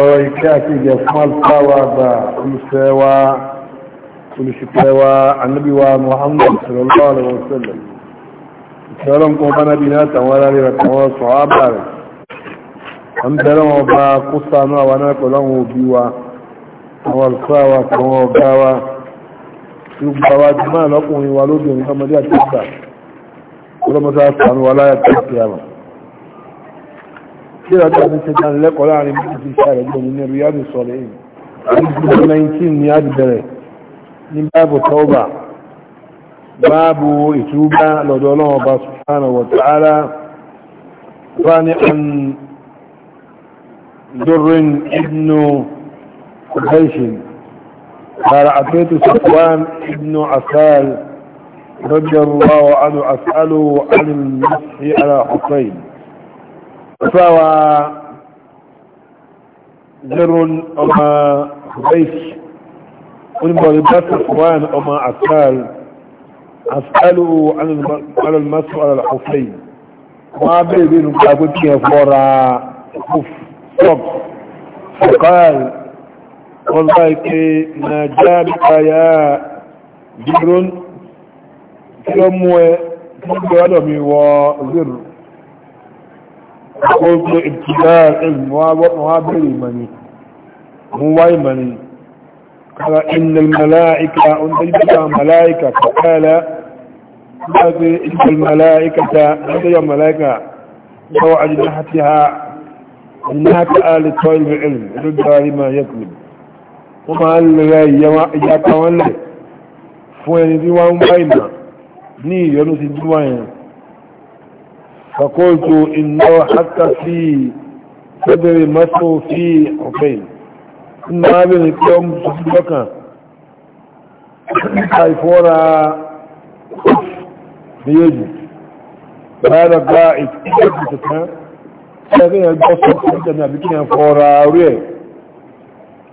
ọ̀rọ̀ ìkẹ́ àti ìjẹ fún alfáwà àgbà olùsẹ́wà annabiwa muhammad sallallahu alaihi wasallam ìṣẹ́lọ́n kún bá nábi náà tàwọn aráre rẹ̀ tàwọn sọ ábà rẹ̀ an bẹ̀rẹ̀ wọn bá kó sánú àwa náà pẹ̀lú àwọn òbí wa àwọn alfáwà àwọn ọ̀gá wa tí ó gbà wá كده ده في سيدنا الله قال عن في سارة من الرياض الصالحين عزب الملايين مياد بري من باب التوبة باب إتوبة لدوله الله سبحانه وتعالى فانع در ابن قبيش قال أتيت سقوان ابن عسال رضي الله عنه أسأله عن المسح على حسين fáwa zerun ọmọ bẹ́ẹ̀sì onímọ̀lẹ̀ bá sàfúwán ọmọ àtàl àtàlù alàlùmọ́sù alàlùfẹ́ wọ́n á bẹ̀rẹ̀ bí nùgbà pé kí ẹ fọ́ra fọ́p fọ́kàl wọ́n bá قلت ابتداء العلم وابر مني مو واي مني قال إن الملائكة أنتجت ملائكة فقال إن الملائكة أنتج ملائكة سوى أجنحتها أنها كآل طالب العلم رد ما يطلب وما الذي يجاك ولي فوين ديوان باينا ني يونس ديوان فقلت إنه حتى في صدر مصر في حفين إن هذا اليوم تصدق حيفورا بيجي هذا قائد لكن البصر عندنا بكنا فورا وريه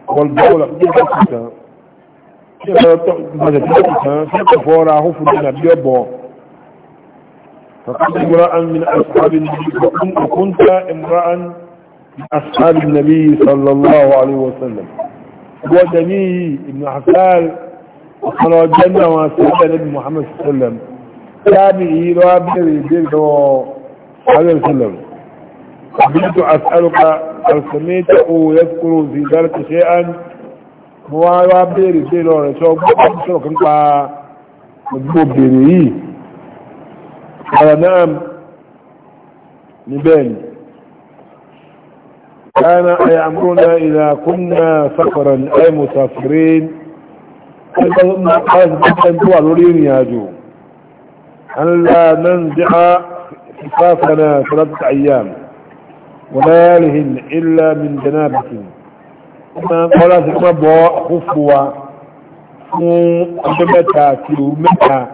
والبولة بكنا فورا هفو لنا بيبو فقد امرأ من أصحاب النبي وكنت امرأ من أصحاب النبي صلى الله عليه وسلم ودني ابن حسال وقال الجنة وسيد النبي محمد صلى الله عليه وسلم تابعي رابري بيرك وحبيب صلى وسلم قبلت أسألك هل سميته يذكر في ذلك شيئا هو رابري بيرك وحبيب صلى الله عليه وسلم قال نعم كان يأمرنا إذا كنا سفرا أي مسافرين فإنهم قاس بطن طوال يا جو أن لا ننزع خفافنا ثلاثة أيام وليالهن إلا من جنابة ولا قال سكما بوا ومتاكل فو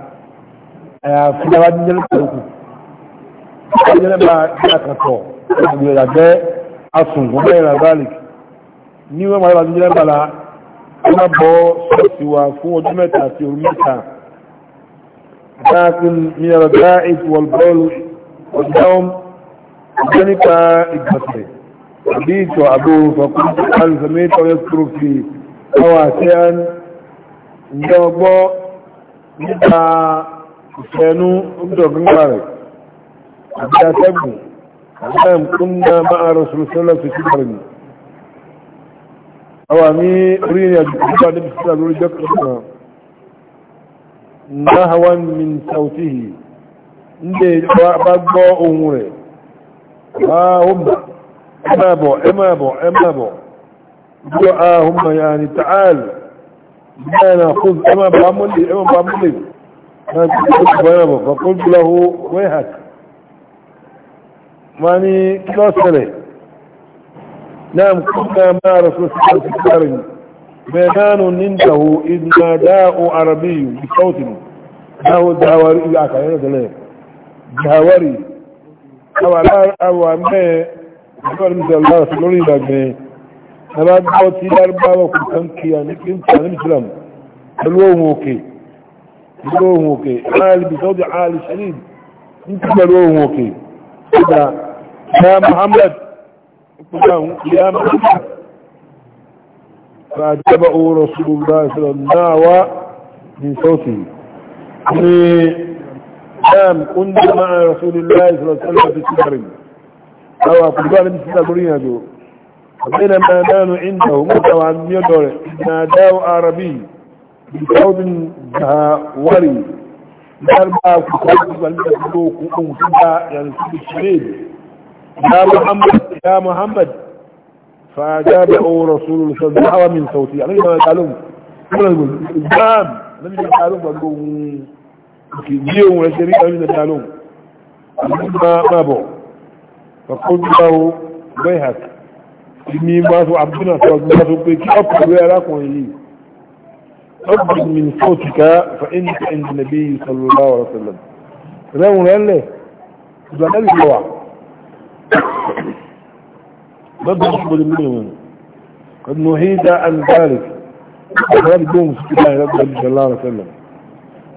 àyàfi àwọn jíjẹ́ lókùnkù jíjẹ́ lẹ́bà àkàtọ̀ àgbẹ̀rẹ̀gbẹ́ asùn gbogbo ìrìn àbálìkì ní wọ́n máa jíjẹ́ lẹ́bàlá wọ́n bọ́ sọ́ọ̀sì wa fún ọdún mẹ́ta àti orí mẹ́ta àtàkùn ní ọ̀rọ̀ dáìt wọlbọ́ọ̀lù ọ̀dáwọ́m ọjọ́ nípa ìgbọ̀sẹ̀ àbí ìtọ̀ àbò fọkùnrin alùsọ̀mẹ́tọ̀ yẹ kúrò fi ọwọ́ àti ẹn ìjọ ọgbọ́ nípa ìfẹ́nú ọdọ̀gbọ́nà rẹ̀ àbí atẹ́gùn àbúrẹ́m kúnnà máa rọ̀sùn sọ́lá fi sí bàrẹ̀ àwà ní orí ìrìn àjò ìjọba níbi sílá lórí jọ́kùnrin náà hawan min sautihi ndé bá gbọ́ ohun rẹ̀ bá hùmbà ẹmàbọ̀ ẹmàbọ̀ ẹmàbọ̀ gbọ́ ahùmbà yà ní بيابه فقلت له ويهك ماني كسلة نعم كنا مع رسول الله الكريم بيان ننته إذ ناداء عربي بصوت له دهوري إلا كان يدله دهوري أو على أو أمي أقول مثل الله سلوري لك أنا بوتي أربعة وكنت كيان كنت أنا مسلم الوم أوكي بلوهم وكي عالي بصوت عالي شديد انت بلوهم وكي إذا يا محمد يا محمد فأجبأوا رسول الله صلى الله من صوته كان كنت مع رسول الله صلى الله عليه وسلم في أو أفضل من سنبرين هذا بينما نانو عنده مطوى عن ميدور إذا داو عربي بقوم جهوري يربع كتاب والمسلوك ومتبع ينسب الشريد يا محمد يا محمد فأجابه رسول الله صلى الله عليه وسلم من صوتي عليه ما يتعلم نعم لم يتعلم وقالوا يوم وشريك لم يتعلم ما ما بو فقلت له بيهك إني ما سو عبدنا سوى ما سو بيكي أكبر يا راكم يجيب أكبر من صوتك فإنك عند النبي صلى الله عليه وسلم رأوا قال لي إذا قال لي جوع بدل أكبر منهم قد نهيد عن ذلك أخرج دوم في الله صلى الله عليه وسلم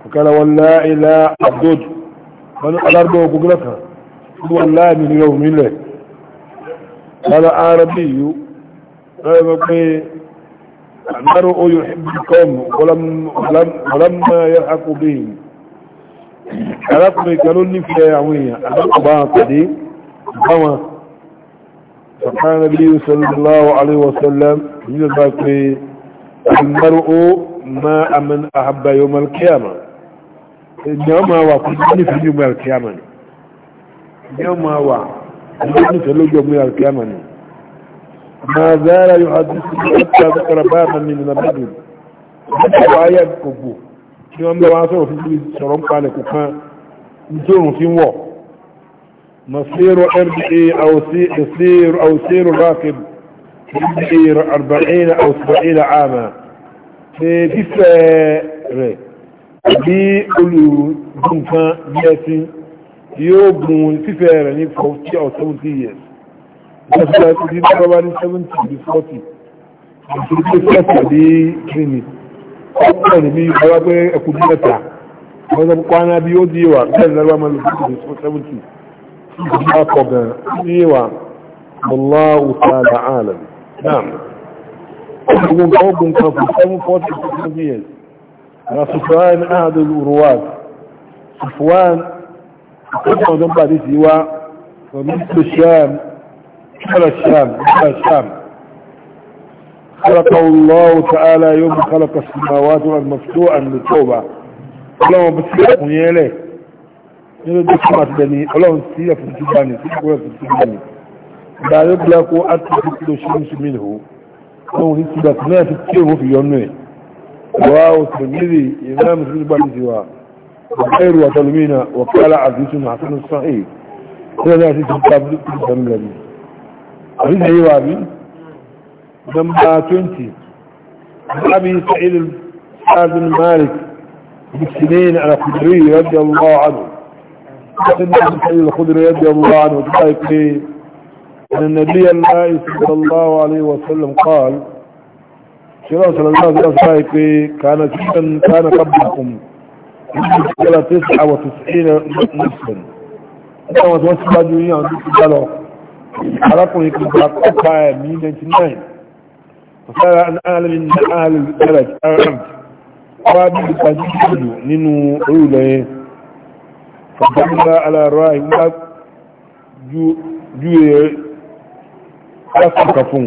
فقال والله لا أبدود قال الأرض وقلتها والله من يوم الله قال آربي آه قال المرء يحب القوم ولم ولم ولما يلحق بهم قالوا لي في يعوية ألق باطدي بما سبحان النبي صلى الله عليه وسلم من الباقي المرء ما أمن أحب يوم القيامة إنما هو في يوم القيامة إنما هو في يوم القيامة ما زال يحدثني حتى ذكر بابا من المدن وآية كبو ni wọ́n bẹ wá sọ̀rọ̀ fún bí sọ̀rọ̀ ń palẹ̀ kò kan nítorùn fi ń wọ̀ masiro rba ausiro ausiro rakib rba arba'ina ausba'ina ama ṣe fífẹ́ rẹ̀ bí olùgbùn kan bí ẹsìn yóò gùn fífẹ́ rẹ̀ ní 40 or 70 years ìjọba ti di lọ́wọ́ ní 70 to 40 ìṣèlú pé fẹ́ẹ̀tà dé kíni ọ̀pọ̀ ní bí ọwọ́ pé ẹkù bí mẹ́ta wọ́n sọ pé wọn bí ó di ìwà bẹ́ẹ̀ lọ́wọ́ máa lọ sí ìdí 70 ìdí akọ gan ní ìwà Allahu ta'ala alam naam ogun kan ogun kan fún 740 to 70 years na Sufyan ahadul urwad Sufyan ọjọ́ ọdún pàdé sí wa pẹ̀lú ìṣẹ́ على الشام على الشام خلقه الله تعالى يوم خلق السماوات والارض مفتوحا للتوبه اللهم بسيطه يليه يليه بسمات بني اللهم سيئة في الجباني سيئة في الجباني لا يبلغ أتى كل الشمس منه أو نسبة ما تتكيه في يومه رواه الترمذي إمام في الجباني سواه وغير وتلمينا وقال عزيز حسن الصحيح هذا ناس يتكلم أريد أيوابي لما تنتي أبي سعيد سعيد بن مالك بسنين على خدري رضي الله عنه أبي سعيد الخدري رضي الله عنه وتبارك لي أن النبي الله صلى الله عليه وسلم قال شراء صلى الله عليه وسلم كان جدا كان قبلكم تسعة وتسعين نفسا كما توسل جميعا تسعة arákùnrin kan gba kọ́pa ẹ̀ ní 99 ọ̀sára alámi ní ààrẹ ìgbẹ̀rẹ̀ arab wá bí i pàdé ìlú nínú orílẹ̀ yẹn fàbáńgbà aláàrọ̀ ìgbà ju ẹ̀ lásìkò fún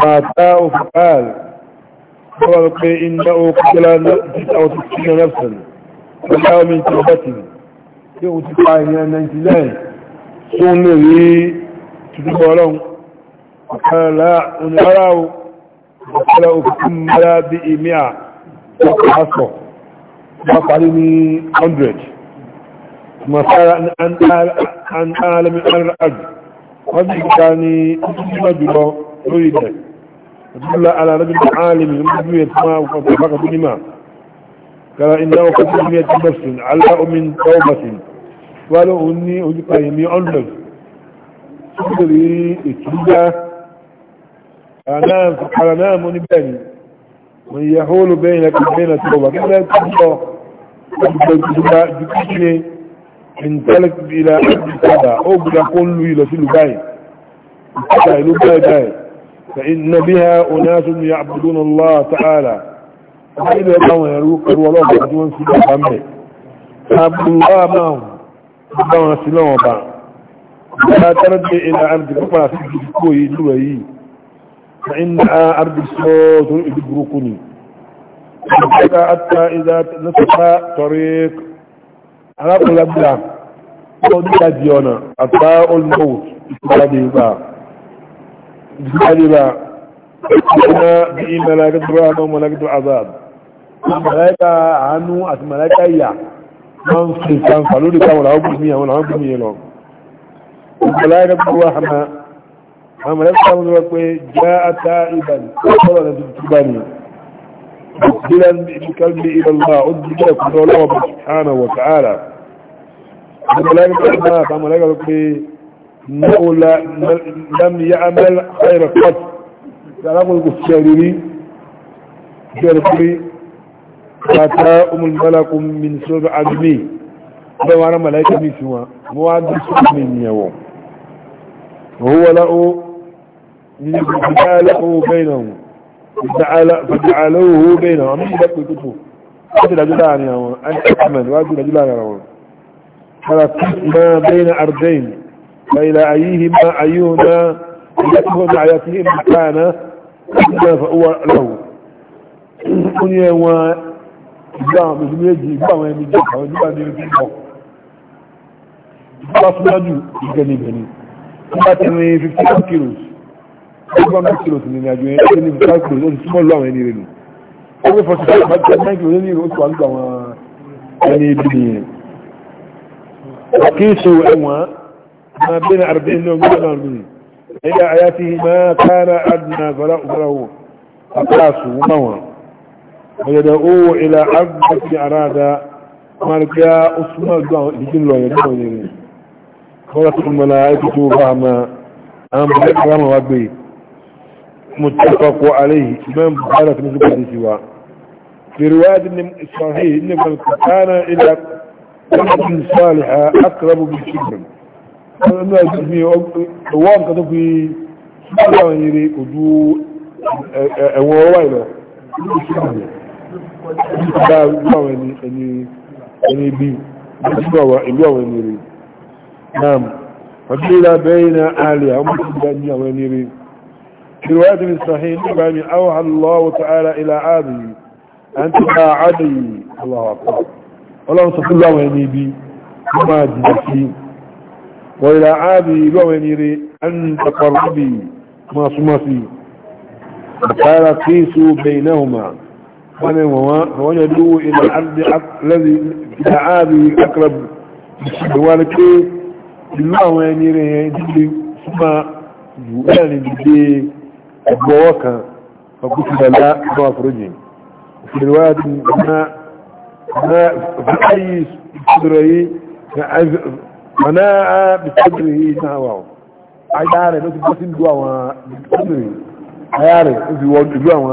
màtá òfìkàl wọ́n pé iná òkúkẹ́lá 2016 rẹ̀fẹ̀lẹ̀ pẹ̀lú àwọn mìíràn tí ó bá ti rí tí ó ti pa ìyẹn 99 tó ń lè rí tìdúgbọ́ ọlọ́run ọ̀kànlá onírárá o ọ̀kànlá òkùnkùn mara bí èmì à ọkọ̀ bá parí ní 100 masára an alami arad wọ́n ti ká ní ọdún jùlọ lórí ilẹ̀ ọdúnlá alárabí alami lórí ẹ̀ tí wọ́n kọ̀ bá kàtó nímà kara iná tó ní ẹ̀ tí bọ́sùn alá omi tọ́wọ́ wọ́n ló ń ní ojúpa yìí ní ọ̀nà síbìrì ìtúgbà ara náà mú ní bẹ́ẹ̀ni wọ́n yẹ hóòlù bẹ́yìn lẹ́kọ̀ọ́ bẹ́yìn lẹ́kọ̀ọ́ wà kí lẹ́kọ̀ọ́ tó sọ ọjọ́ ìjọba dúkú ní ìntẹ́lẹ̀kì ìlà ìjọba ó gbúdá فإن بها أناس يعبدون الله تعالى وإذا كانوا يروق الولوغ عدوان سيدة عمي عبد الله معهم dáwọn sí lọ́wọ́ bá bá tẹ́rẹ́dẹ́ ilẹ̀ arìdì púpọ̀ sí ìdíkò ìlú ẹ̀ yìí na iná arìdì sọ́ọ̀tún ìdí burúkú ni ìjọba àtà ìdá lọ́sọ̀tà tọ́rí alákùnlágbà tó dídá di ọ̀nà àtà olmọ́wò ìtìjáde bá ìtìjáde bá ìtìjáde bí i mẹ́lẹ́gẹ́dọ́rọ́ àwọn mọ́lẹ́gẹ́dọ́ àzáàbù mẹ́lẹ́gẹ́ àánú àti mẹ́lẹ́gẹ́ yà wọ́n ń fi kànfà lórí káwọn àwọn gbùmí àwọn àwọn gbùmí lọ ìgbàláyé gbogbo àmà àmà lẹ́fẹ́ sáwọn lọ pé já ata ìbàní sọ́rọ̀ rẹ̀ tuntun bá ní ìdílé ìdíkàlbí ìlọ́lá ó dìde ẹ̀kọ́ lọ́wọ́ bá sùhánà wọ̀ sàárà ìgbàláyé أتاهم الملك من سبع عدمي لو أنا ملائكة من سوا مواد سوا من يوم وهو له من ابتعاله بينهم فجعلوه بينهم من يبقى كتبه أجل أجلان يا هون أنا أحمد وأجل أجلان يا هون فلقيت ما بين أرضين فإلى أيهما أيهما يكفر دعيتهما كان فهو له قل يا ìgbà àwọn ọmọdé méjì ìgbà àwọn ẹni jẹ́ àwọn ìgbà ní ojú pọ̀ ìgbà súnmọ́jú ìgbẹ̀nìgbẹ̀ni nígbà tí ní fifty five kilos nígbà five kilos ní ìrìnàjò yẹn ní fifty five kilos ó ti súnmọ́ lọ àwọn ẹni rẹ̀ nù ó wé forty five five five nine kilos ní ìrìn oṣù àlùkò àwọn ẹni ibi nìyẹn àkíyèsò ẹ̀wọ̀n máa bẹ́ẹ̀ ní àrùbí ní ọgbẹ́ náà lù ẹ̀yà àyàtì máa kára àdùnnà fọlá òfurufú àkàrà àsùnwó máa wọn ويدعوه إلى عبد أراد مالك يا أسماء يجين له يجين قالت الملائكة فهما أم بكرم ربي متفق عليه إمام بحالة مثل هذه سواء في رواية الصحيح صحيح من كان إلى قلت صالحة أقرب بالشبر أنا أجزني أوام كتب في سبحانه يريد أدو أوام ووايله نعم فقيل بين أهلها هم تبني أولينيرين في رواية من الصحيحين يبعني أوحى الله تعالى إلى عادي ان يا عادي الله أكبر والله صف الله ويني بي وما وإلى عادي بأولينيري أنت قربي ما سمسي فقال قيسوا بينهما wani wajadu ila ardi alladhi ta'abi akrab wani ke ìlú àwọn ẹni rẹ̀ yẹn dídé súnmà jù láàrin dídé ọgbọ́wọ́ kan ọkùnfìdàlá ọmọ àforójì ìfìdíwájú na fàáyí ìfìdírọ̀ yìí mana a bìtọ́dìrì yìí náà wà ó ayá rẹ̀ ló ti bọ́ sí ìlú àwọn bìtọ́dìrì ayá rẹ̀ ó ti wọ́n ìlú àwọn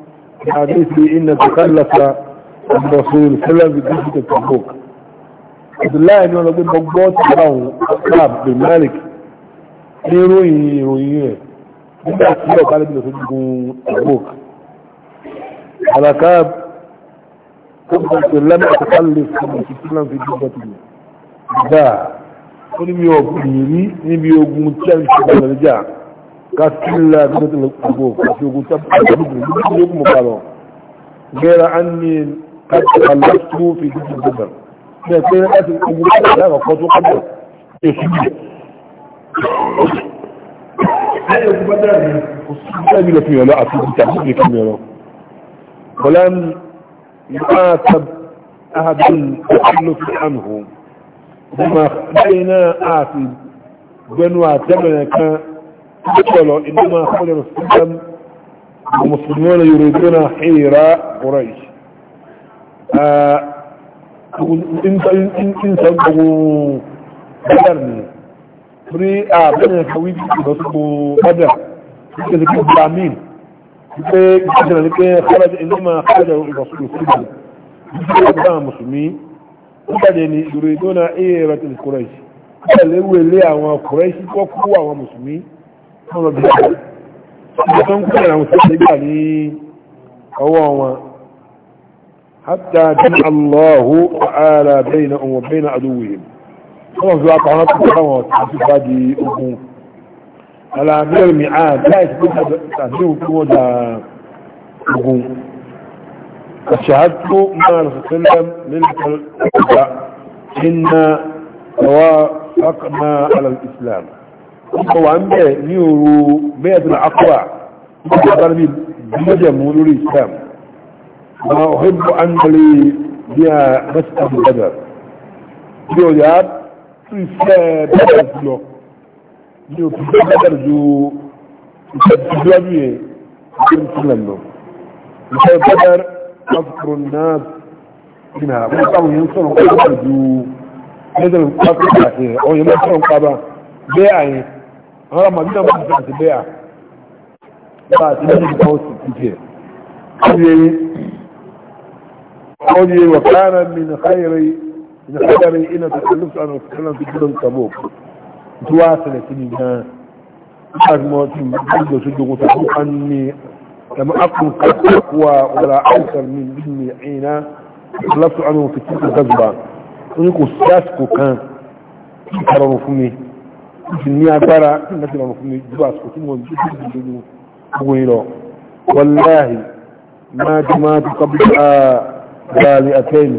حديث إن تخلف الرسول صلى الله عليه وسلم تبوك عبد الله إنه لقد مقبوط له أصحاب بن مالك يروي يروي nígbà tí ọ̀gá lè bìlọ̀ sójú gun àbúk àlàkà tó bá ṣe lẹ́mọ̀ àkọ́kọ́ lè fún ìṣẹ́ tí wọ́n fi jù bọ́ tìlẹ̀ gbà ó níbi ọ̀gbìn rí níbi ogun tí a ń كلا قلت القبوب أسوق تبقى مقالو غير أني قد خلصت في جد الجبر لكن أسل القبوب لا غفوت قبل ولم يعاتب أحد التخلف عنه بما خلينا آتي بنوى تمنى كان قالوا إنما خرج الإسلام المسلمون يريدون حيرة قريش إن سبقوا بدر rí àbẹ́rẹ̀ kàwí ìgbọ̀sùgbò bádà títẹ́ sí kí blamín wípé ìgbàjìnà ní pé ìlúmà kọjá ìgbọ̀sùgbò sílẹ̀ wípé ọgbà mùsùlùmí ó jáde ní ìròyìn tó na èèrè kùrẹ́ṣì pẹ̀lú ewé ilé àwọn kùrẹ́ṣì kọ́kú àwọn mùsùlùmí wọ́n lọ bí i tó ń kọ́ ìrànwọ́ tó ṣe gbà ní ọwọ́ wọn hatta jẹ́ allahu ta'ala bẹ́yìn ọmọ bẹ́yìn adúwìyàn wọ́n fi wá kàwọn tó kọ́ àwọn tó ti bá di ogun alamiyar mi a láì sí tàbí òkú wọn da ogun الشهادة مع رسول الله للقضاء إن توافقنا على الإسلام ọkọ̀ wà ń bẹ̀ ní òru bẹ́ẹ̀dùn akọ́wà nígbà bá níbi bílọ́jẹ̀ mú lórí islam ma ọ̀hẹ́bù angele bí a mẹ́sìtà bí bẹ́ẹ̀dà bí ó yá tú ìfẹ́ bẹ́ẹ̀dà jùlọ ní òkú bẹ́ẹ̀dà ju ìfẹ́dúwájú yẹn ní ìsìlẹ̀ lọ ìfẹ́ bẹ́ẹ̀dà afro náà ìnà wọ́n táwọn yẹn sọ̀rọ̀ kọ́ ju bẹ́ẹ̀dà bẹ́ẹ̀ àyẹn ara madina ba ta ta baya ba ta ne ko su kike kuje kuje wa kana min khairi min khairi ina takalluf an usallam fi dun tabuk tuwa ta ne kin ga azmatin da su dugo ta kanni لما أكون قد أقوى ولا أكثر من ابن عينا خلصت عنه في تلك الغزبة ونقول سياسكو كان كرروا فمي ìsì ní agbára láti lọ fún mi ju àsìkò tí mo ju bí ìdílé ogun yìí lọ wọláhì máa ti máa ti kọ́bí a gbáàlì àtẹ́yìn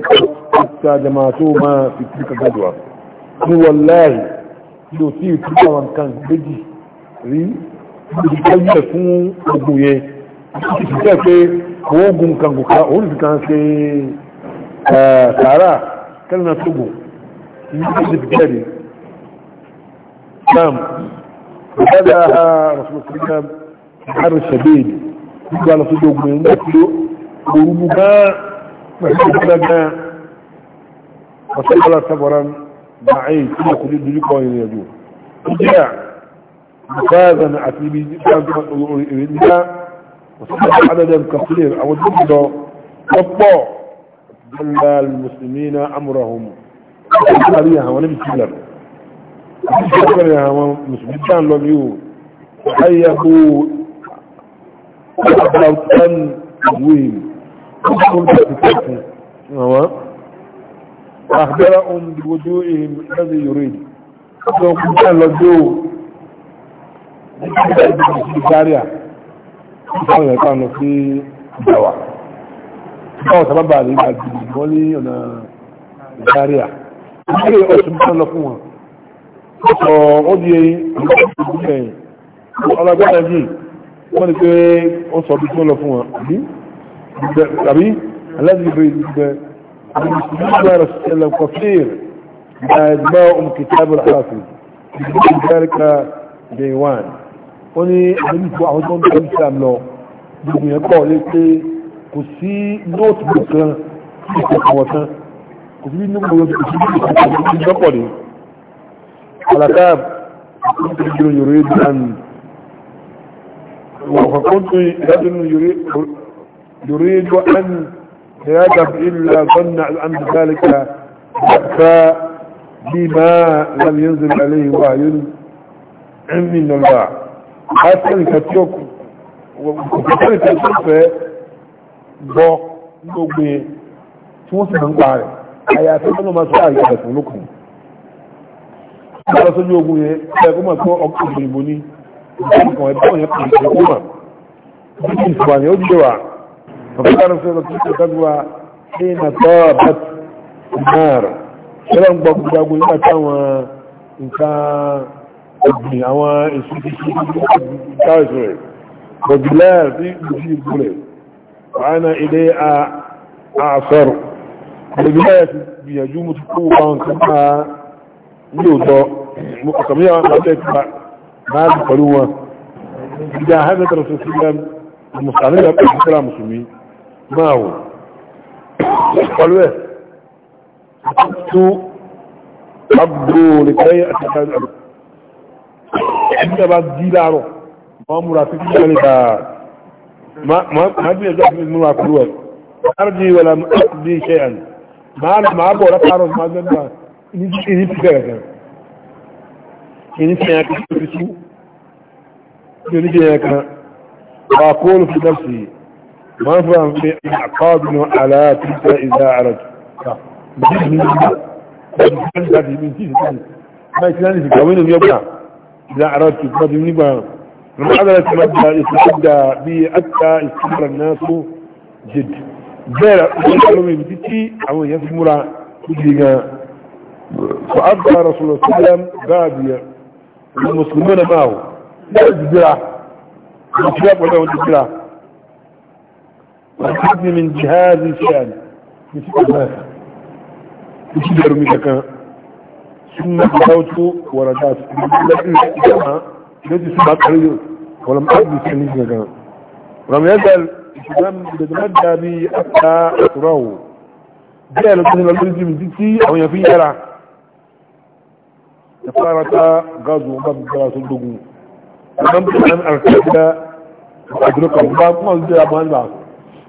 tí a jẹma tó máa fi tí ka gbàdùwà ní wọláhì tí o tí ìtú àwọn kan méjì rí ìdíkọ́ yẹ fún ogun yẹn ìsì jẹ́ pé ogun kan kò ká òun fi kan ṣe sàárà kẹ́lẹ́ tó gùn ní ìdíkọ́ نعم وبدأها رسول الله الله حر السبيل قال صدق من نفسه ورمها محمد وصلى سفرا معي كل كل ذلك وين يدور رجع مخازن أتلبي رجع وصلى عددا كثير أو جدا وطبع جلال المسلمين أمرهم عليها ونبي سلم ìgbẹ́gbẹ̀rẹ̀ àwọn mùsùlùmí tán lọ ní o ayabo abalautan wíìlì kúkún tàbí kẹfún àwọn àgbẹ́ra ohun dìbòdó èèyàn lẹ́sẹ̀ yorùbá ìdí ọjọ́ kún tán lọ ní o nígbà ìdíjì sí zaria ìfọ̀n rẹ̀ kánú sí ìjọwà ìfọ̀n sábàbà rẹ̀ ìgbà jù wọ́n ní ọ̀nà zaria ìgbà ọ̀sùn tán lọ fún wọn ọ̀pọ̀ ó di ẹ̀yìn ọlọ́gbọ́n ẹ̀jì wọ́n ni pé ó sọ bí tí ó lọ fún wọn àbí aláàbí ìbẹ̀ ìbẹ̀ àbíṣẹ́ ìṣẹ́lẹ̀ kọfíìr na ẹgbẹ́ omkìtàbí aláàfin ìbẹ̀ ìbẹ̀ríkà day one ó ní àbí fún àwọn tó ń tẹ́lẹ̀ islam lọ gbogbo yẹn pọ̀ lé pé kò sí nóòtù kan kí ìṣẹ̀kọ̀ wọ̀tán kò sí bí nígbà wọn kò sí bí ìṣẹ̀kọ̀ wọ̀tán على كاب كنت رجل يريد أن وكنت رجل يريد يريد أن يذهب إلا ظن أن ذلك يخفى بما لم ينزل عليه علم من الله حتى الكتوك وكتوك الكتوك bọ́ gbogbo tí wọ́n sì máa حياتي pa ما àyàfi ọmọ lọ sójú ogun yẹn ẹ̀kọ́ mọ̀ pé ọkọ̀ ìgbìmọ̀ ní ìgbìmọ̀ ẹ̀kọ́ yẹn kò ṣe kó mà bí ìfọ̀ àyẹ̀ ó dìde wà ọ̀fẹ́ bá rẹ̀ lọ sí ìtọ́jú wa ní nàtọ́ bẹ́t náà ṣẹlẹ̀ ń gbọ́ gbogbo agun nígbà táwọn nǹkan ọ̀gbìn àwọn èso ti ṣe ìgbà ìṣòro bọ̀dùlẹ̀ sí ìgbìmọ̀ wàhánà ilé àṣọrò bọ̀dùlẹ̀ ti gbìyànjú mo ti kó wọn kan máa ní òótọ́ ọ̀kàmí àwọn àbábẹ́ ti máa lù pẹ̀lú wọn ìjà ahmed rasul sílẹ̀ mùsàlẹ́ yà pẹ̀lú sílẹ̀ mùsùlùmí máa wò pẹ̀lú ẹ̀ tó agbó rẹ̀ kẹ́yẹ àti ìtajà ẹ̀mí bá dí láàárọ̀ wọ́n múra sí kíkọ́ lè dáa máa bí ẹjọ́ àti múra pẹ̀lú bọ̀ látàárọ̀ máa gbẹ́gbẹ́ ní ìní ti bẹ̀rẹ̀ bẹ̀rẹ̀ ìní ti yàn kan tó ti tí oníjẹ yàn kan wà kóòlù fi náà sí máa ń fún àwọn fi àkọ́bìnú aláàtúntà ìdá àrà ká bàbá mi ní ìgbà ọdún tí wọ́n ti láti ní ìtì ìtì báyìí tí wọ́n ti gbàwé ní ọgbà ìdá àrà tó bá ti nígbà من حضرة مدى يتشدى به حتى يستمر الناس جد غير أن يقولوا من بيتي أو يفهموا كل فأبقى رسول الله صلى الله عليه وسلم بادية المسلمين معه لا الجزرة الكتاب ولا الجزرة وحبني من جهاز الشأن مثل هذا مثل يرمي كان ثم دعوت وردات الذي سمعت عليه ولم أجل سنين كان ولم يزل الإسلام بدمجة بي أبقى أتراه جاء لكن الذي من ذكي أو يفي يرى da fara ta gazu ba mu gara sun dugu nan bi an arkada a duka ba kuma su da ban ba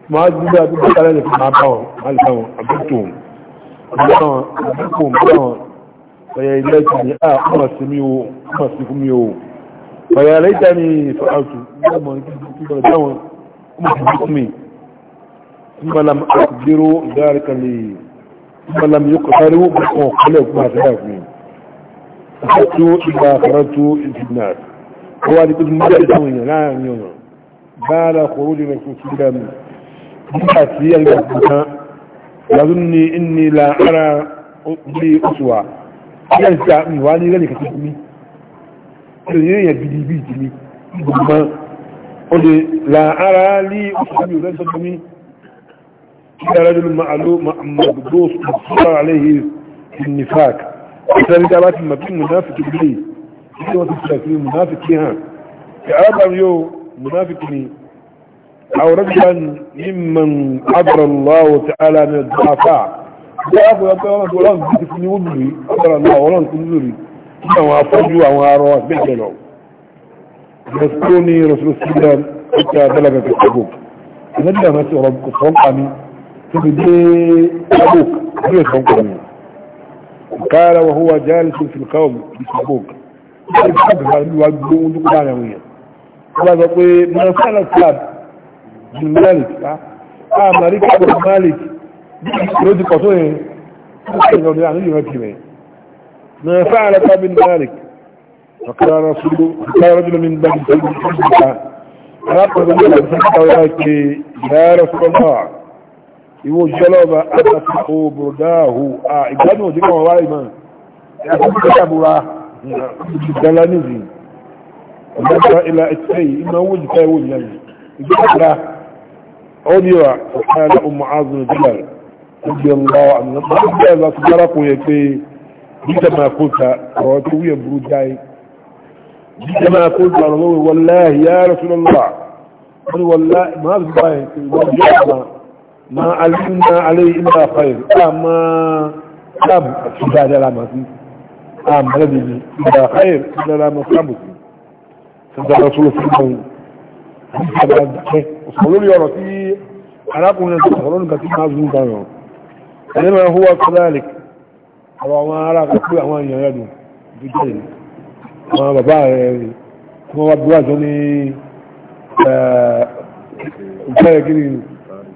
ma su da duk kare da ma bawo alfawo abutu bawo abutu bawo faya ilaita ni a kuma su miyo kuma su kuma yo laita ni fa'atu da ma ki da dawo kuma su kuma ثم لم أقدروا ذلك لي ثم لم يقدروا بقوة قلوب ما سيكون àtàtò ìgbà àkàràtò ìdìbìnà ó wá di pé mo jẹ́ ìdáhùn èèyàn láàrin ọ̀nà bára kòrò lè rẹ̀kù sí ìdámi nígbà tí ẹgbẹ̀ kan lọ́dún ní ní láàárá ilé òṣùwà ilé mi kí ara jùlọ ma'alo ma'amadu gbogbo aléhìí nifak ìtàrí tí a bá ti mọ̀ bí mùnáfìkì lè tí wọ́n ti fi àti mùnáfìkì hàn kí arábàm yóò mùnáfìkì ni àwòrán bí wọn ní mọ̀n abúrọ̀lọ́wọ́ tí a lánà dáfà bí a kò yọpẹ́ wọn lọ́n ti ti fi ní wúlùrí abúrọ̀lọ́wọ́ lọ́n ti wúlùrí ní àwọn afọ́jú àwọn arọ àgbẹ̀jẹ̀ lọ rẹ̀sìkò ní rẹ̀sìlẹ̀ قال وهو جالس في القوم بسبوك قال ما سأل كعب بن مالك اه مالك ابو مالك يريد قصوه ما فعل كعب بن مالك فقال رسول فقال رجل من بني سعيد رب يا رسول الله ìwò ìjọlọ́ba àtàkì òbòdáhù à ìgbádùn òjì kan wáyé mọ́ ìgbàbúra ìdánlá nìzì ọ̀dọ́gbà ilá ẹ̀tẹ́ yìí iná owó jìká ìwò ìyá yìí ìgbàbúra ó ní wà ọ̀kánà ọmọ azùn ìdílà ìgbì ọ̀lọ́ àmì ọ̀dọ́gbà ti dára kún yẹ pé jíjẹ máa kó ta ọ̀rọ̀ tó wúyẹ burú jáì jíjẹ wọ́n ni wọlé máa zùbá yẹn ma alifuna alẹ́ ilẹ̀ àfàyè a máa sáàbù àti dáadáa máa sí a mẹ́rẹ́ bèbè ilẹ̀ àfàyè dáadáa máa sáàbù sí sọ́dọ̀ ọ̀ṣọ́lọ́ sí ìgbọ̀n ní ìjọba dákẹ́ ọ̀sán lórí ọ̀rọ̀ tí arákùnrin tó sọ̀rọ̀ nígbà tí máa zùn dáná ẹni máa hùwà kọ́láàlì ọ̀rọ̀ àwọn ará àkọ́kọ́ àwọn èèyàn rẹ̀ dùn tó jẹ́ àwọn bàbá rẹ̀ rí tí wọ́n wá bí wájọ́ ní ẹ̀ẹ́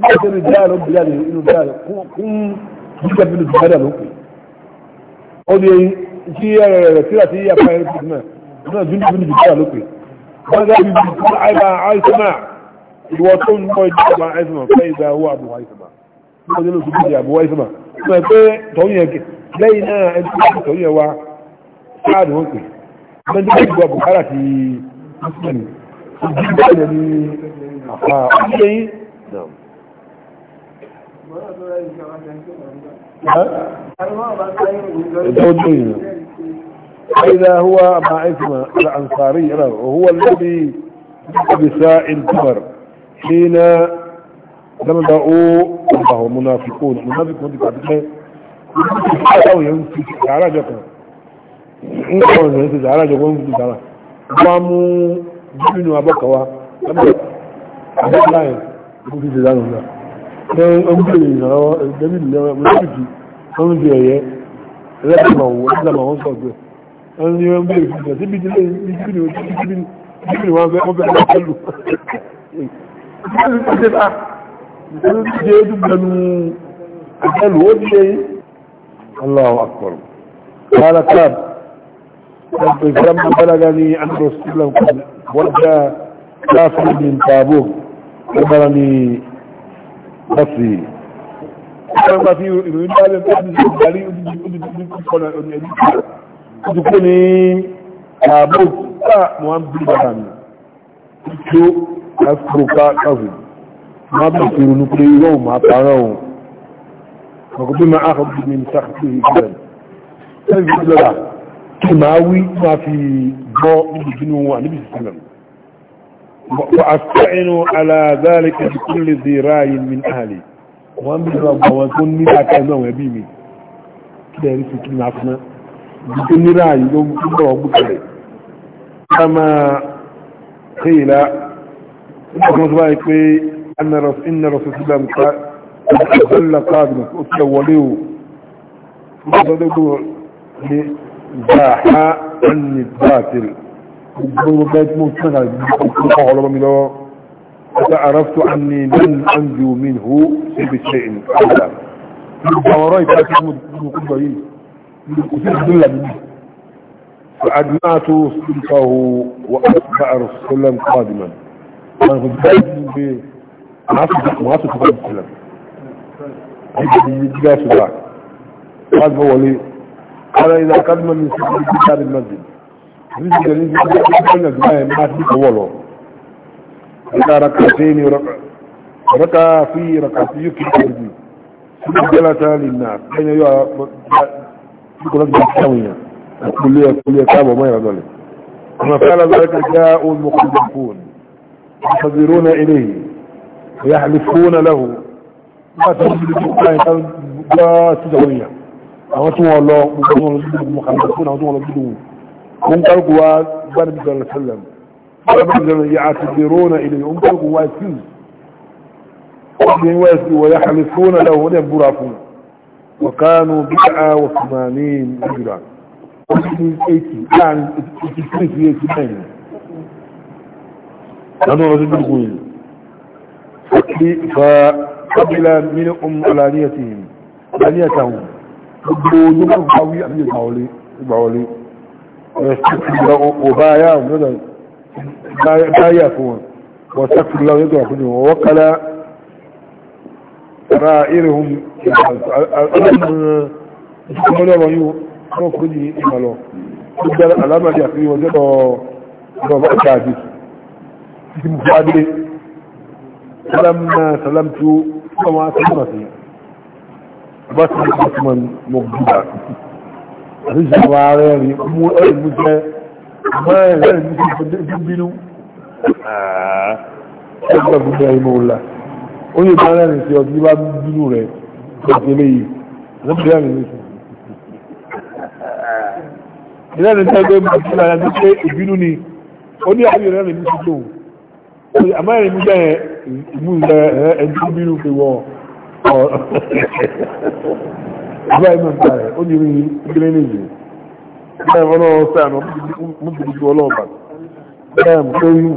báyìí ní ìdílé àlọ́ ìdílé àlọ́ inú ìdílé àlọ́ kún jíjẹ́ bí lùdí padà lókè ó di sí ẹ̀rọ rẹ̀ síra sí apá ẹ̀rọ tuntun náà náà dúdú bí lùdí padà lókè wọ́n gá ibi bí kún àìbá àìsàmà ìwọ tó ń bọ́ ìdí àbá àìsàmà fẹ́ ìgbà owó àbò àìsàmà ó di lóṣù bíi àbò àìsàmà ó mọ̀ pé tọ́yìn yẹn lẹ́yìn náà ẹni tó tọ́yìn yẹn wá káàdì wọn pè mẹ́jọ bí gbọ́ bùkárà ti mùsùlùmí ìdí báyìí ni àfà ó ń lẹ́yìn náà إذا هو مع اسم الأنصاري وهو الذي بساء الكبر حين لم الله منافقون المنافقون دي Àwọn ọmọ ìbínú abọ́kọ̀wá, ẹgbẹ́ ṣe ń gbé ìrànlọ́wọ́ ẹgbẹ́bí lẹ́wọ́ mẹ́sìkì wọ́n ń bí ẹ̀yẹ ẹlẹ́gbẹ̀mọ̀wò ẹlẹ́gbẹ̀mọ̀wò sọ̀gbẹ̀ wọ́n ń yọ ń bèèrè fún ìgbà síbi ilé ìbíbí ni wọ́n fẹ́ wọ́n fẹ́ wọ́n fẹ́ lù wọ́n ń jẹ́ dúgbẹ̀nu àtẹ́lù ó dé Allahu akbar قال كاب فلما بلغني أن رسول الله ورجى كافر من تابوك أمرني bọ́ọ̀sì ọ̀rọ̀ nípa tí ìròyìn bá lè fẹ́ ní ìdarí ojúkọ́nà ẹ̀mí ojúkọ́ ní ààbò ká mọ́ á bí bàbá mi tó afro ká káfí máa bẹ̀ sí ronú pé irọ́ ò máa parọ́ òun ọkọ̀ bí máa ákọ̀ bí mi sáfẹ́ ìgbẹ̀rẹ̀ ẹ̀rí ìgbẹ̀rẹ̀ kí máa wí máa fi gbọ́ níbi bínú wọn níbi sísẹ́lẹ̀ واستعن على ذلك بكل ذي راي من اهلي وان بيرغب وان ني كان نو بي كده في كلمه عفنا بكل راي لو بيرغب كده كما قيل كما ذلك ان رسول ان رسول الله قال قادم اصل وليه فضلوا لزاحا عن الباطل بيت موت سنة فتعرفت اني لن أنجو منه بشيء فوراي فاتح مقبل ضعيف وكثير ذلة منه فأدمعت سلطه وأصبع رسولا قادما أنا فتبعت من بي أنا أصبع مغاسو تبعي السلام هيدا من يجلس بعد قال فولي قال إذا قدم من سلطة المسجد níbi ìjọ ní gbọ́nà dubai máa ti kọwọ́ lọ nígbà raka sí ni raka fi raka sí yóò kí kọjú síbi jẹ́lá sáàlì náà lẹ́yìn yóò kọ́lá gbà sí àwọn èèyàn àkúlé ẹkúlé ẹkáàbọ̀ mọ́ ìrànlọ́lẹ̀ ọmọ fẹ́lá lọ́rẹ́kà já ohun mọ́kànlá fóònù يحذرون إليه ويحلفون له ما تنزل بالله تدعوني أو أتوا الله مخلصون أو أتوا الله بدون هم قلقوا صلى الله عليه فبعدما يعتبرون إلى أم قلقوا واسل ويحلفون له لهم برافون وكانوا بعاء وثمانين مجرى وثمانين ايتي يعني رجل اتكلم فقبل من أم علانيتهم علانيتهم فبعوا يبعوا يبعوا يبعوا يبعوا واستغفر الله يدعو كلهم ووكل سرائرهم يقول له يو هو كل يملو قدر علامة يقول وجد ربع كاجس اسم فادي لما سلمت وما سلمت بس من مبدأ àríṣà wa rẹ̀ rí mú ẹ̀rì mú jẹ́ mẹ́rin rẹ̀ mú sí ìfẹ́ bínú ẹgbẹ́ gbogbo ẹ̀mọ́ ọ̀la ó yẹ bá rẹ̀ sí ọdún bá bínú rẹ̀ lọ́gbẹ̀lẹ̀ yìí lọ́gbẹ̀lẹ̀ rẹ̀ lọ́sùn ilé ẹni tẹ́ gbé mọ̀ sí ara ọba ẹ̀mọ̀ ń parẹ̀ ó ní rí ìgbélé ní ìlú bẹ́ẹ̀ wọn lọ́wọ́ sí àná mú ti dúdú ọlọ́ọ̀bà bẹ́ẹ̀ mú tó yú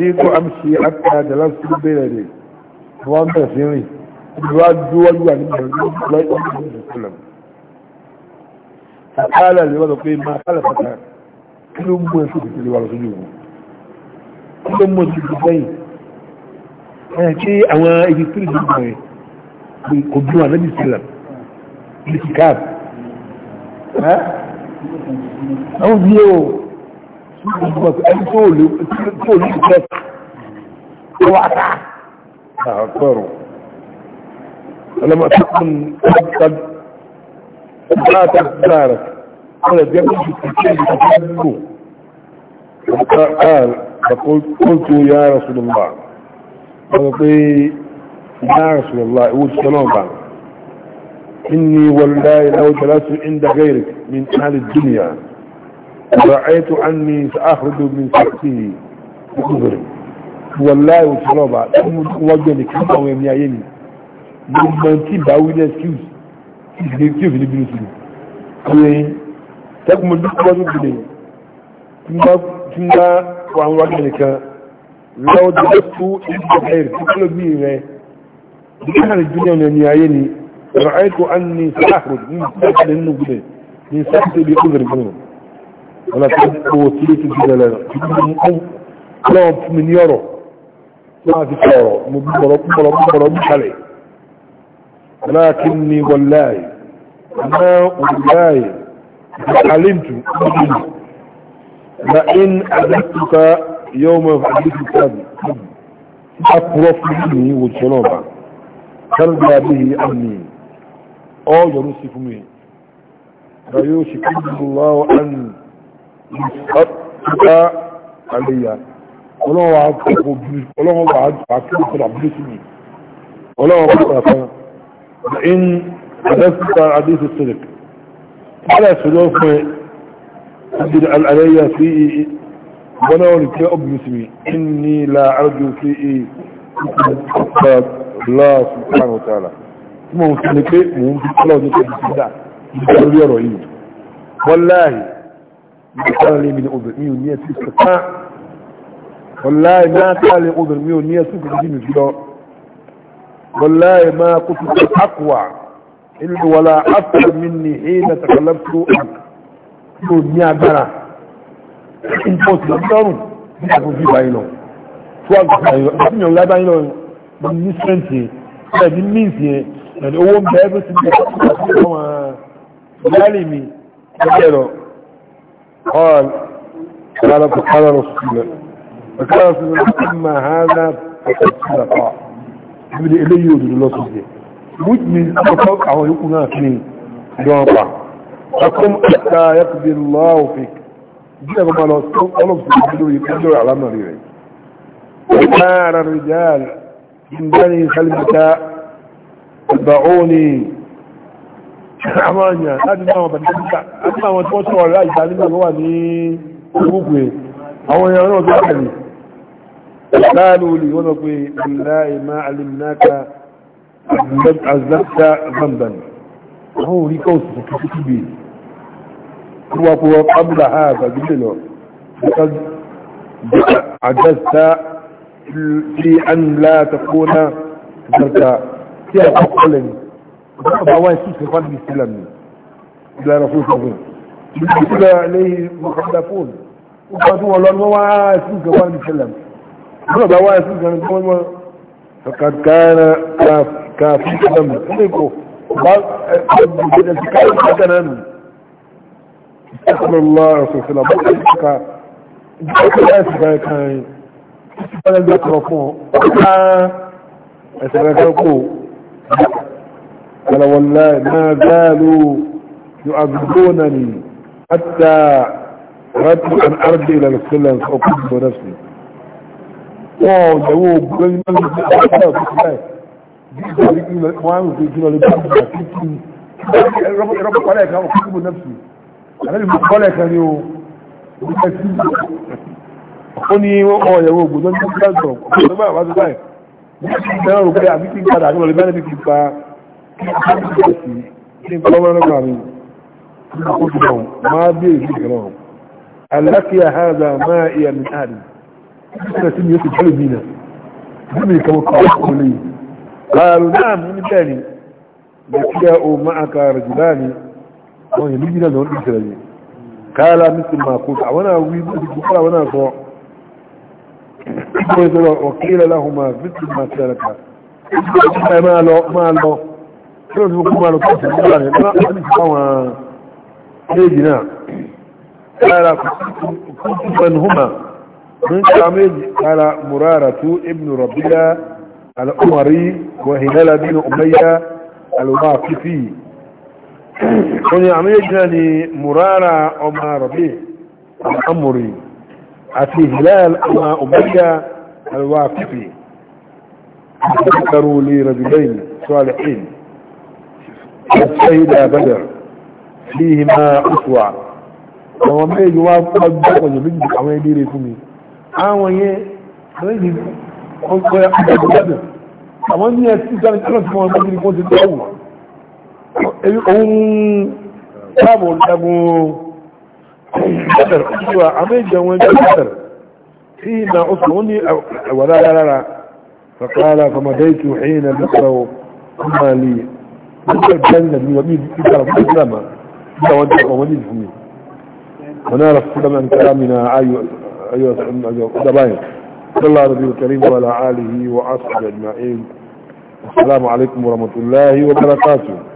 ní kó amṣe àtà jàlá sí bẹ́ẹ̀ rẹ̀ wọ́n bẹ̀rẹ̀ sí rìn ìdúrà dúwọ́jú wà nígbà lọ́wọ́ ìlú فقال لي ولو ما خلفتها كل أمه يشوف اللي ورا سجوده ọdún mọ̀ sí gbogbo yìí ẹ̀ tí àwọn ibi tírí gbogbo rẹ̀ kò bí wọn lẹ́bí sílẹ̀ ní kíkàb àwọn bí o ẹni tó lè tó lè tẹ́ tó wà tá àkọrọ̀ ọlọ́mọ tó kún ọjọ́ ọjọ́ àtàkùn dára ọ̀rẹ́ jẹ́ mọ́ sí kìí قال فقلت قلت يا رسول الله قلت يا رسول الله قلت سلام بعد إني والله لو جلست عند غيرك من أهل الدنيا رأيت أني سأخرج من سكته بقدر والله وسلام بعد وجه لكما ويميا يمي من تبع ويدا سكيوز كيف نبنو سلو تكمل دكتور بلين tí ń bá wà ń wájú nìkan lọ́wọ́ tó bá tú ìdíje ẹ̀rì tí kọ́lọ̀ bí rẹ̀ dúkìá rẹ̀ dúnyà ní ẹni ayé ni ẹ̀rọ àìkú á ní sáàkùrù ní sáàkùrù nínú gúdẹ̀ ní sáàkùrù bí ó bẹ̀rẹ̀ gbọ́n wọn àti kò tí ó ti dúdẹ̀ lẹ́nu tí ó mú ọ́n lọ́wọ́ fún mi ní ọ̀rọ̀ tí wọ́n ti sọ̀rọ̀ mo bí bọ̀rọ̀ bọ̀rọ̀ bọ̀rọ̀ bí kalẹ̀ láàkín ni wọ́n láàyè àmọ́ òun láàyè àlẹ́ لئن أذبتك يوم فعليك الكاذب أطرف مني والسلامة كلب به أمني أو جنسك مني فيوشك الله أن يسقطك عليا ولو وعد ولو وعد فعكيب في العبدس مني ولو وعد فعكيب لئن أذبتك الحديث الصدق على سلوك أجعل علي فيه وانا ولك أب اسمي إني لا أرجو فيه الله سبحانه وتعالى ثم مسلمك مهم في الله جل وعلا يقول يا رهيب والله ما كان لي من أذن مي ونية سكتا والله ما قال لي أذن مي ونية سكتا دي مجلو والله ما قلت أقوى إلا ولا أفضل مني حين تكلمت عنك yóò ní agbára import lọ́dọ́rùn ní àgbójú ìbáyìí lọ tó àgbàgbà ìyàn lábáyìí lọ ní strength yẹn ẹ̀rẹ̀ ní means yẹn ẹ̀rẹ̀ owó ń bẹ ẹgbẹ́ sí bí ọmọ ìyáàlì mi ẹgbẹ́ lọ قال قال قال رسول الله فقال رسول الله أما هذا فقد صدقا من إليه يدل الله سبحانه which means أبقى أو يكون أثنين جوابا أقم حتى يقضي الله فيك جاء ما لو طلب سجدوا يقدروا على مريعي وكان الرجال من بني سلمة اتبعوني أمانيا هذه ما هو بنتك أما ما توصلوا على الله تعالى ما هو ني أبوكي أو يرون تعالي قالوا لي وانا بالله ما علمناك أزلفت ذنبا هو ريكوس في كتبي هو هو قبل هذا جميله لقد عجزت في أن لا تكون ذلك أقل قولني فأوان سوس فرد السلام إلى رسول الله يقول عليه مخلفون وقالوا الله ما سوس فرد السلام قال بأوان سوس فرد فقد كان كافي كلام قال بدل كلام كان صلى الله عليه وسلم بكرة بكرة كان بكرة بكرة فوق أتذكركم قال والله ما زالوا يعذبونني حتى أردت أن أرجع إلى السلم فأقف بنفسي واو جواب قال ما لي وانا في جنة لبنى ربك عليك أقف بنفسي àlẹ́bí mú bọ́lẹ̀ kan ní o ìgbẹ́ sí ó ní ọ̀yẹ̀wò ògbòdó ní ìgbàgbọ́ tó bá wà tó báyìí mẹ́rọ̀ rò pé àbí kí n padà àgbọ̀lẹ̀ bẹ́ẹ̀ níbi kí n pa kí n pa ọmọ ọlọ́gbà mi ó ti dàn máa bí èyí kan náà alákì àhádà máa ìyà mi àdì ìṣẹ̀lẹ̀ sí mi ó ti tẹ́lẹ̀ mi nà bí mi kàn kọ́ lè yìí. Ààrùn náà mú ní bẹ́ẹ̀ ni, Nàìjíríà máa kàrà jù láàrin àwọn èèyàn méjì náà lọ ní ìṣẹ̀lẹ̀ yìí káàlá mr makos àwọn àwí bí i kọ́lá àwọn àṣọ ìgbò ìṣẹ̀lẹ̀ ọ̀kẹ́lẹ̀ láhùnmá mr makelaka ìgbà máa lọ máa lọ kí ló ti fún máa lọ kí ìṣẹ̀lẹ̀ nígbà rẹ̀ náà wọ́n ti fi àwọn méjì náà káàlá kúkú manhuma من كامل قال مرارة ابن ربيع الأمري وهلال بن أمية الواقفي wani àmì yẹjìnà ni murara ọmọ rabi al'amuri àti hilal ọmọ ubayya alwafifi ذكروا لي رجلين صالحين السيد بدر فيهما أسوع àwọn méjì wá gbọ́gbọ́gbọ́gbọ́ méjì àwọn ẹbí rẹ̀ fún mi àwọn ebi ohun samun damu ƙasar cewa a mai janwon ƙasar fi na usu wani a wadadarara fa kala fa madaitu hina bisarau kuma li dukkan bayan da niwa min ikara kuma sama da wani taɓa wani jini wana rasu da man karamina ayyuwa da bayan sallallahu alaihi wa karim wa ala alihi wa ashabi ajma'in السلام عليكم ورحمة الله وبركاته